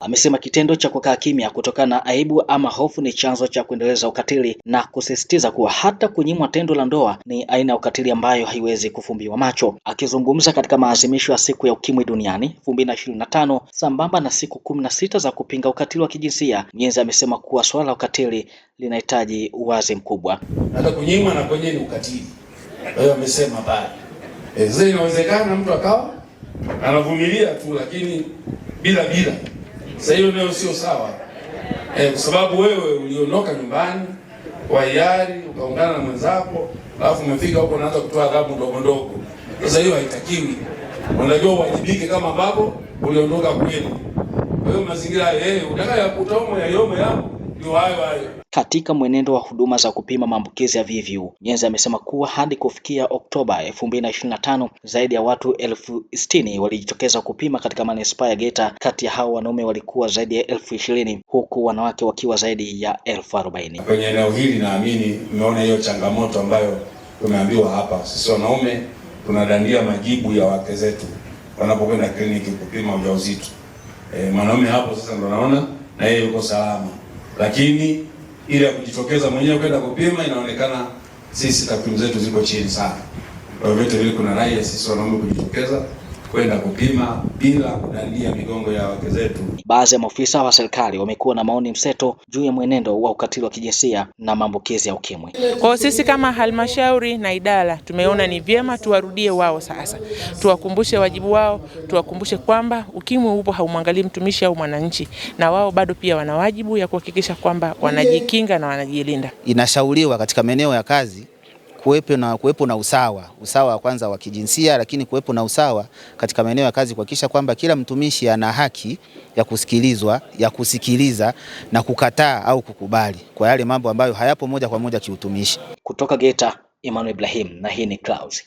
Amesema kitendo cha kukaa kimya kutokana na aibu ama hofu ni chanzo cha kuendeleza ukatili na kusisitiza kuwa hata kunyimwa tendo la ndoa ni aina ya ukatili ambayo haiwezi kufumbiwa macho. Akizungumza katika maadhimisho ya siku ya ukimwi duniani 2025 sambamba na siku kumi na sita za kupinga ukatili wa kijinsia, Myenzi amesema kuwa suala la ukatili linahitaji uwazi mkubwa. Hata kunyimwa na kwenye ni ukatili, kwa hiyo amesema pale eh, inawezekana mtu akawa anavumilia tu, lakini bila bila sasa hiyo nayo sio sawa eh, kwa sababu wewe uliondoka nyumbani kwa hiari ukaungana na mwenzako, alafu umefika huko unaanza kutoa adhabu ndogo ndogo. Sasa hiyo haitakiwi, unajua uwajibike kama ambapo uliondoka kweli. Kwa hiyo mazingira yeye eh, ya yayome yako katika mwenendo wa huduma za kupima maambukizi ya VVU, Nyenzi amesema kuwa hadi kufikia Oktoba 2025 zaidi ya watu elfu sitini walijitokeza kupima katika manispaa ya Geita. Kati ya hao wanaume walikuwa zaidi ya elfu ishirini huku wanawake wakiwa zaidi ya elfu arobaini. Kwenye eneo hili naamini mmeona hiyo changamoto ambayo tumeambiwa hapa, sisi wanaume tunadandia majibu ya wake zetu wanapokwenda kliniki kupima ujauzito. E, mwanaume hapo sasa ndo naona na yeye yuko salama lakini ile ya kujitokeza mwenyewe kwenda kupima inaonekana sisi takwimu zetu ziko chini sana. Kwa vyote vile, kuna rai ya sisi wanaume kujitokeza kwenda kupima bila kudalia migongo ya wake zetu. Baadhi ya maafisa wa serikali wamekuwa na maoni mseto juu ya mwenendo wa ukatili wa kijinsia na maambukizi ya ukimwi. Kwa sisi kama halmashauri na idara, tumeona ni vyema tuwarudie wao sasa, tuwakumbushe wajibu wao, tuwakumbushe kwamba ukimwi upo, haumwangalii mtumishi au mwananchi, na wao bado pia wana wajibu ya kuhakikisha kwamba wanajikinga na wanajilinda. Inashauriwa katika maeneo ya kazi kuwepo na, kuwepo na usawa usawa wa kwanza wa kijinsia, lakini kuwepo na usawa katika maeneo ya kazi, kuhakikisha kwamba kila mtumishi ana haki ya kusikilizwa, ya kusikiliza na kukataa au kukubali kwa yale mambo ambayo hayapo moja kwa moja kiutumishi. Kutoka Geita, Emmanuel Ibrahim na hii ni Clouds.